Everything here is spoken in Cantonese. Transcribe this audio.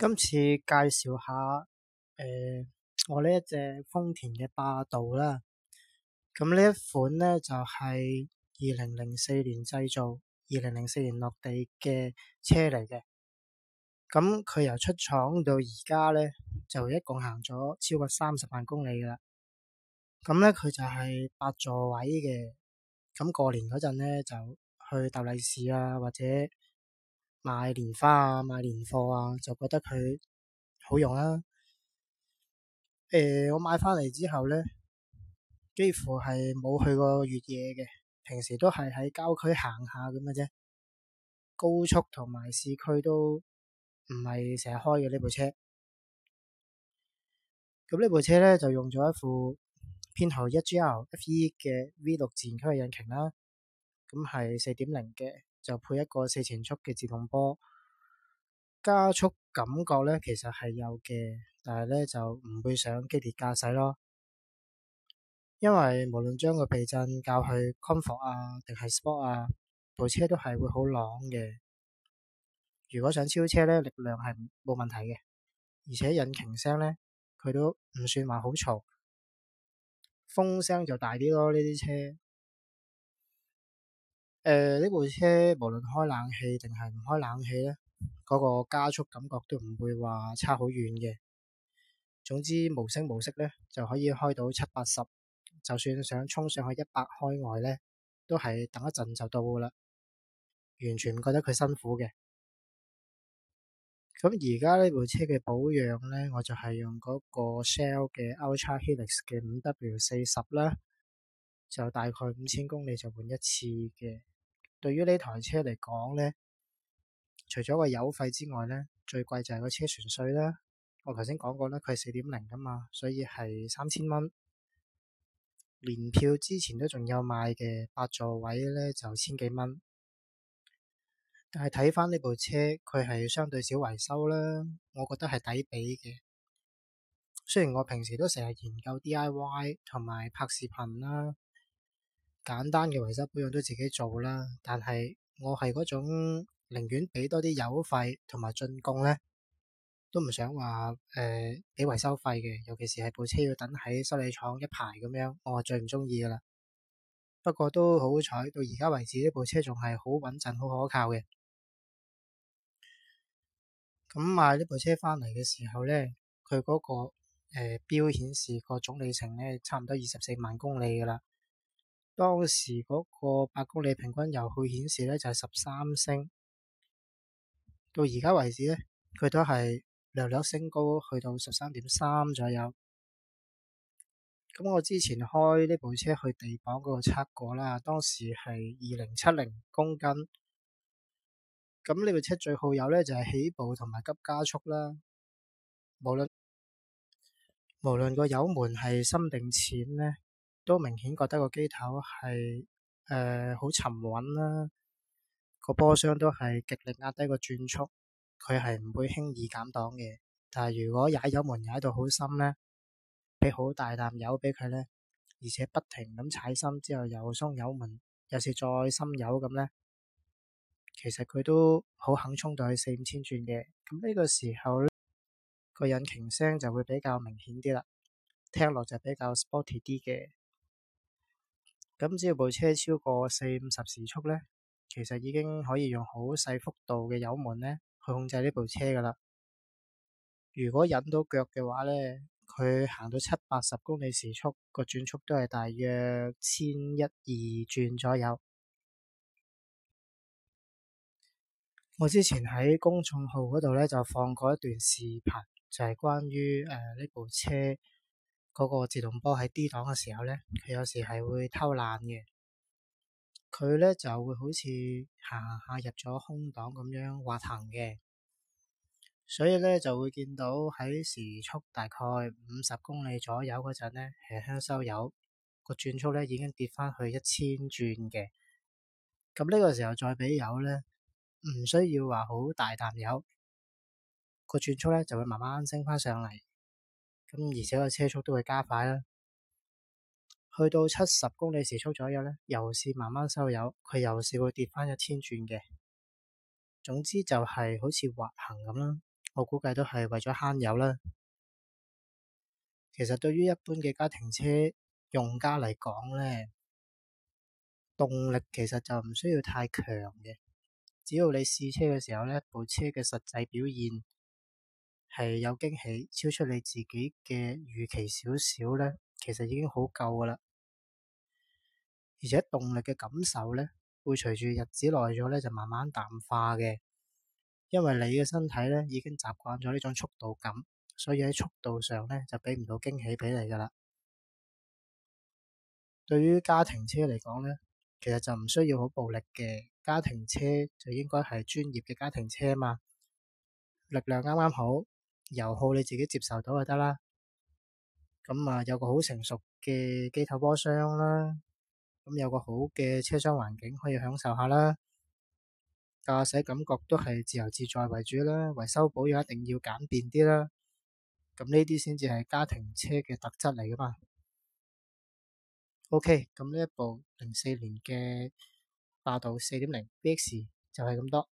今次介紹下，誒、呃，我呢一隻豐田嘅霸道啦。咁呢一款呢，就係二零零四年製造、二零零四年落地嘅車嚟嘅。咁佢由出廠到而家呢，就一共行咗超過三十萬公里噶啦。咁咧，佢就係八座位嘅。咁過年嗰陣咧，就去逗利是啊，或者。買年花啊，買年貨啊，就覺得佢好用啦、啊。誒、欸，我買翻嚟之後咧，幾乎係冇去過越野嘅，平時都係喺郊區行下咁嘅啫。高速同埋市區都唔係成日開嘅呢部車。咁呢部車咧，就用咗一副編號一 GRFE 嘅 V 六自然吸氣引擎啦，咁係四點零嘅。就配一個四前速嘅自動波，加速感覺咧其實係有嘅，但係咧就唔會想激烈駕駛咯。因為無論將個避震較去 comfort 啊定係 sport 啊，部車都係會好朗嘅。如果想超車咧，力量係冇問題嘅，而且引擎聲咧佢都唔算話好嘈，風聲就大啲咯呢啲車。誒，呢部車無論開冷氣定係唔開冷氣呢，嗰個加速感覺都唔會話差好遠嘅。總之無聲無息呢，就可以開到七八十，就算想衝上去一百開外呢，都係等一陣就到噶啦，完全唔覺得佢辛苦嘅。咁而家呢部車嘅保養呢，我就係用嗰個 Shell 嘅 Ultra Helix 嘅五 W 四十啦，就大概五千公里就換一次嘅。對於呢台車嚟講呢，除咗個油費之外呢，最貴就係個車船稅啦。我頭先講過咧，佢係四點零噶嘛，所以係三千蚊。年票之前都仲有買嘅，八座位呢就千幾蚊。但係睇翻呢部車，佢係相對少維修啦，我覺得係抵比嘅。雖然我平時都成日研究 DIY 同埋拍視頻啦。簡單嘅維修保養都自己做啦，但係我係嗰種寧願俾多啲油費同埋進貢呢，都唔想話誒俾維修費嘅，尤其是係部車要等喺修理廠一排咁樣，我最唔鍾意噶啦。不過都好彩，到而家為止呢部車仲係好穩陣、好可靠嘅。咁買呢部車翻嚟嘅時候呢，佢嗰、那個誒、呃、標顯示個總里程呢，差唔多二十四萬公里噶啦。當時嗰個百公里平均油耗顯示呢，就係十三升，到而家為止呢，佢都係略略升高去到十三點三左右。咁我之前開呢部車去地磅嗰度測過啦，當時係二零七零公斤。咁呢部車最耗油呢，就係起步同埋急加速啦，無論無論個油門係深定淺呢。都明顯覺得個機頭係誒好沉穩啦，個波箱都係極力壓低個轉速，佢係唔會輕易減檔嘅。但係如果踩油門踩到好深呢，俾好大啖油俾佢呢，而且不停咁踩深之後又鬆油，油門，又係再深油咁呢，其實佢都好肯衝到去四五千轉嘅。咁呢個時候呢，個引擎聲就會比較明顯啲啦，聽落就比較 sporty 啲嘅。咁只要部車超過四五十時速呢，其實已經可以用好細幅度嘅油門呢，去控制呢部車㗎喇。如果忍到腳嘅話呢，佢行到七八十公里時速，個轉速都係大約千一二轉左右。我之前喺公眾號嗰度呢，就放過一段視頻，就係、是、關於誒呢部車。嗰個自動波喺 D 檔嘅時候呢，佢有時係會偷懶嘅，佢呢就會好似行行下入咗空檔咁樣滑行嘅，所以呢，就會見到喺時速大概五十公里左右嗰陣呢，輕輕收油，個轉速呢已經跌返去一千轉嘅，咁呢個時候再俾油呢，唔需要話好大啖油，個轉速呢就會慢慢升返上嚟。咁而且個車速都會加快啦，去到七十公里時速左右呢，又是慢慢收油，佢又是會跌翻一千轉嘅。總之就係好似滑行咁啦，我估計都係為咗慳油啦。其實對於一般嘅家庭車用家嚟講呢，動力其實就唔需要太強嘅，只要你試車嘅時候呢，部車嘅實際表現，係有驚喜，超出你自己嘅預期少少呢，其實已經好夠㗎啦。而且動力嘅感受呢，會隨住日子耐咗呢，就慢慢淡化嘅。因為你嘅身體呢，已經習慣咗呢種速度感，所以喺速度上呢，就俾唔到驚喜俾你㗎啦。對於家庭車嚟講呢，其實就唔需要好暴力嘅家庭車，就應該係專業嘅家庭車嘛，力量啱啱好。油耗你自己接受到就得啦，咁啊，有，有個好成熟嘅機頭波箱啦，咁有個好嘅車廂環境可以享受下啦，駕駛感覺都係自由自在為主啦，維修保養一定要簡便啲啦，咁呢啲先至係家庭車嘅特質嚟噶嘛。OK，咁呢一部零四年嘅霸道四點零 VX 就係咁多。